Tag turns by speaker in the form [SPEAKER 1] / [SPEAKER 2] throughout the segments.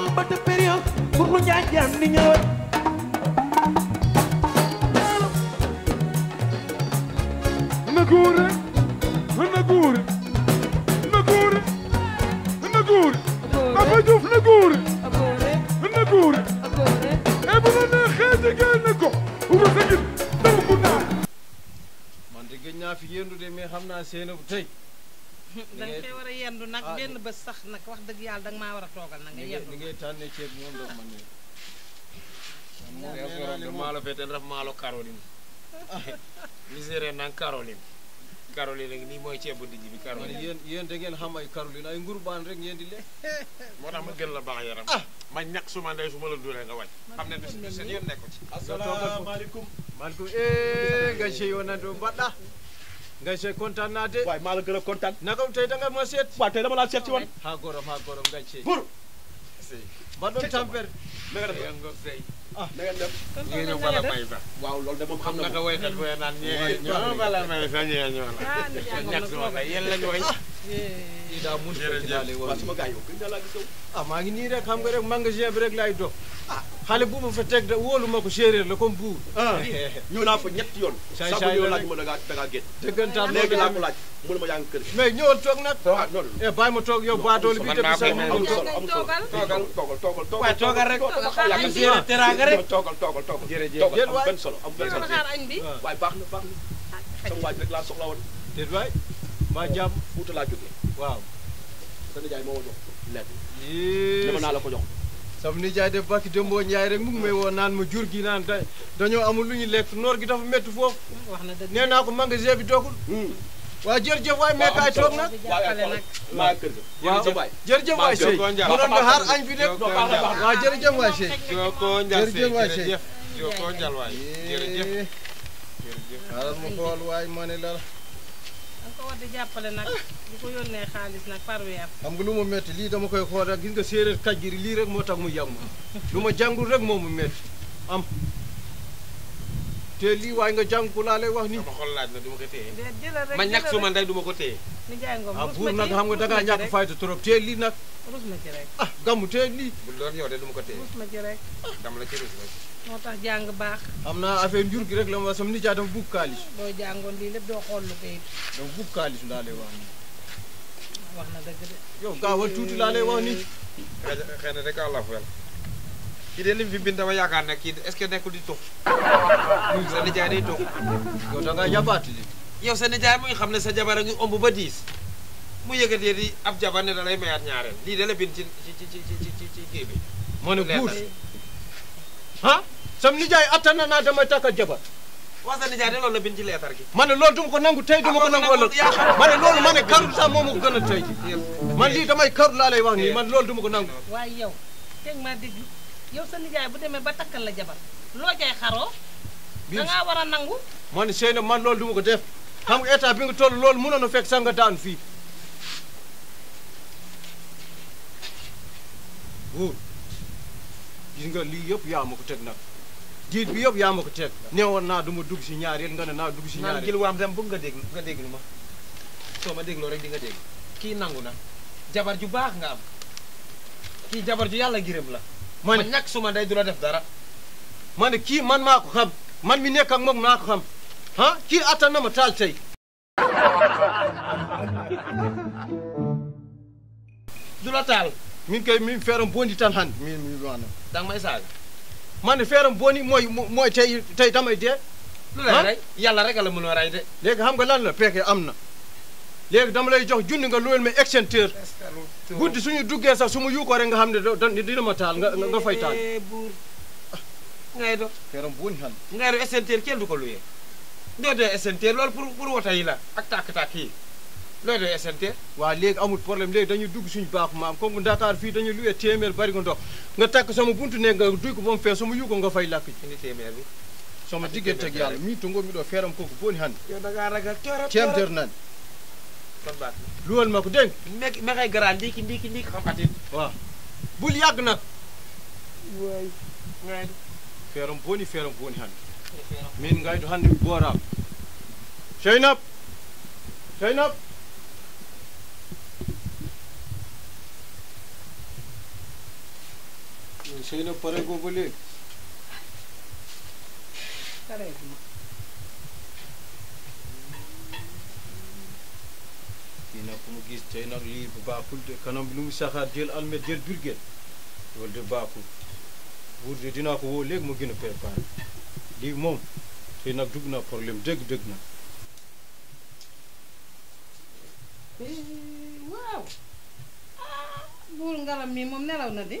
[SPEAKER 1] lool ba de période pour mu njaajaan ni ñëwal na guur na guur na guur na e bu la naa fi yéendu de mais xam naa seen da nga war a yendu nag ah, benn bés sax nag wax dëgg yàlla da nga maa war a toogal nag nga yendu ni ngay tànnee ceeb moom ah. ma man ne moom maalo feeteen raf maalo Caroline misère nang Caroline Caroline rek nii mooy ceeb bu dijj bi Caroline yéen yéen da ngeen xam ay Caroline ay ngurbaan rek ngeen di lekk moo tax ma gën la baax yaram ah! ma ñàkk suma ndey su la duulee nga wañ xam ne bis bi seen yoon nekku ci asalaamaaleykum maaleykum e eh, gacce yo nanto mbaɗɗa ngay see kontaan naa de. waay maa la gën a kontaan. naka tey danga ma seet. waaw tey dama laa seet ci woon. haa góoram haa góoram ngay see. buur. ba doon tamper. na nga def ah na nga def. yéen a wala may ba. waaw loolu na ko. naka woykat booy naan ñee ñoo wala may ba ñee ñoo la. Ah, ñàkk woon yéen lañ kii daa mun waaw sama gars yow gën naa laa gis yow ah maa ngi nii rek xam nga rek magasin bi rek laay dox ah xale bu ma fa teg de wóolu ma ko séeréer la comme buur ah, ñëw naa fa ñetti yoon saa ñëw laaj ma dangaa dangaa génn dëggantaan léegi laa ko laaj mu ne ma yaa ngi kër mais ñëwal toog nag ah, non eh, bàyyi ma toog yow baatool bi depuis sa amul solo amul solo toogal toogal toogal toogal waaye toogal rek toogal teraanga rek toogal toogal toogal jërëjëf amul benn solo amul benn solo waaye baax na baax na ah, sama waaj rek laa soxla woon déet waay mbaa jàmm Fuuta laa jógee waaw sa nijaay moo ma jox lekk dama naa la ko jox sam nijaay def barki démboo njaay rek mu ngi may woo naan ma jur gi naan da dañoo amul lu ñu lekk noor gi dafa métti foofu wax na dëgg nee naa ko magasin bi doogul hmm. waaw jërëjëf waay mais kaay toog nag maa kër ga waaw jërëjëf waay sëy mënoon nga xaar añ bi lépp waaw jërëjëf waay sëy jërëjëf waay sëy jërëjëf waay jërëjëf xaaral ma xool waay ma ne la ko war di jàppale nag bu ko yónnee xaalis nag par xam nga lu ma metti lii dama koy xool ak gis nga séeréer kaj gi lii rek moo tax mu yàmm lu ma jàngul rek moom mu metti am te lii waay nga jàng ku laa lay wax nii. dama laaj la du ma ko téye. jëlal man ñàkk suma ndey du ma ko téye. ni jaay ah, buur nag xam nga dangaa ñàkk fayda trop te lii nag. rus ah, gàmmu te lii. bu doon yow de du ma ko téye. rus dama la ci moo tax jàng baax. xam naa affaire njur gi rek la ma sam nijaay dafa bugg kaalis. doo jàngoon lii lépp doo xool lu koy. dafa bugg kaalis laa lay wax nii. wax na dëgg tuuti laa lay wax nii. xëy na rek àlla fayal. kii de lim fi bind dama yaakaar ne kii est-ce que nekkul di tux. sa nijaay day tux. yow da ngaa yabaati de. yow sa nijaay mu ngi xam ne sa jabar a ngi ëmb ba diis. mu yëgatee di ab jabar ne da lay mayaat ñaareel lii da la bind ci ci ci ci ci ci kii bi. moo ne guus ah. sam nijaay attan na naa damay takk jabar waaw sa nijaay de loolu la ci leetar gi. ma ne loolu duma ko nangu tey duma ko ah, nangu ëllëg ma ne loolu ma karul sax moom ko gën a tey man lii damay karul laa lay wax nii man loolu duma ko nangu. waaye yow teg maa dégg yow sa nijaay bu demee ba takkal la jabar loo jaay xaroo. da war a nangu. ma ne Seyna man loolu duma ko def xam nga état bi nga toll loolu mënoon a fekk sax nga daan fii. wóor gis nga lii yëpp yaa ma ko teg nag. diit bi yob yamako ma newon na duma dug ci si ñaar yeen nga ne dug ci si ñaar gil waam dem bu nga deg nga deg luma So, ma lo rek di nga deg ki nanguna jabar ju bax nga am ki jabar ju yalla gërëm la man ne suma day dula def dara man ne man mako xam man mi nek ak mom maa xam ha ki atana ma tal tay dula tal min kay min feeram bondi tan han min mi wana dang may sal man feeram booni mooy mooy tey tey damay dee. lu yàlla rek la mënoo rey de. léegi xam lan la pexe am na léegi dama lay jox junni nga luweel ma extincteur. guddi suñu duggee sax su ma rek nga xam ne doo dina ma taal nga nga fay taal. Eh, ngay do feeram booni xam ngay do extincteur kenn du ko luyee. doo dee extincteur loolu pour pour woto yi la ak tàkk looy doy SNT waaw léegi amul problème dañuy dugg suñu baaxu maam comme ndataar fii dañuy luwee téeméer bari nga ndox nga takk sama buntu ne nga duy ko ba mu fees sama fay lakk ci ni téeméer bi sama yàlla mi to ngomi ɗo feeram koko booni hannde yo daga ragal temdere nani kon baax ma ko dégg mexey gara ndiiki ndiiki ndiiki xam atin waaw bul yàgg nag waay waay feeram booni feeram booni hannde min ngaydo hannde mi booraama seynab xëy na pare goo ba léegi. pareeguma. kii nag ku mu gis tey nag lii bu baaxul de kanam lu mu saxaar jël almet jël burgel loolu de baaxul buur de dinaa ko woo léegi mu gën a préparé lii moom tey nag dugg naa problème dëgg-dëgg na. Eh, waaw ah, buur ngalam mi moom nelaw na de.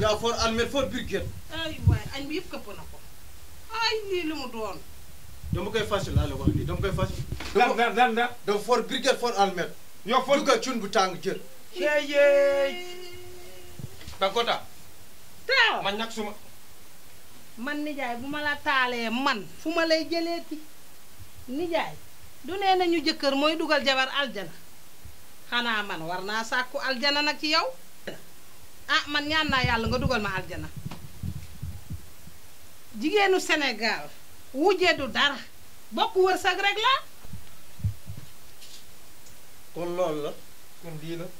[SPEAKER 1] yaa for almet for birget ay waay añ bi yëpp këpp na ko ay lii li mu doon dama koy fàcc laa la wax lii dama koy fàcc dan dan dan dan dafa for birget for almet yow for dugal cun bu tàng jël yeey yeey dangota taa man ñàkk suma man nijaay bu ma la taalee man fu ma lay jëleeti nijaay du nee nañu jëkkër mooy dugal jabar aljana xanaa man war naa sàkku aljana nag ci yow ah man ñaan naa yàlla nga dugal ma aljana jigéenu senegal wujje du dara bokk wërsëg rek la kon loolu la kon lii la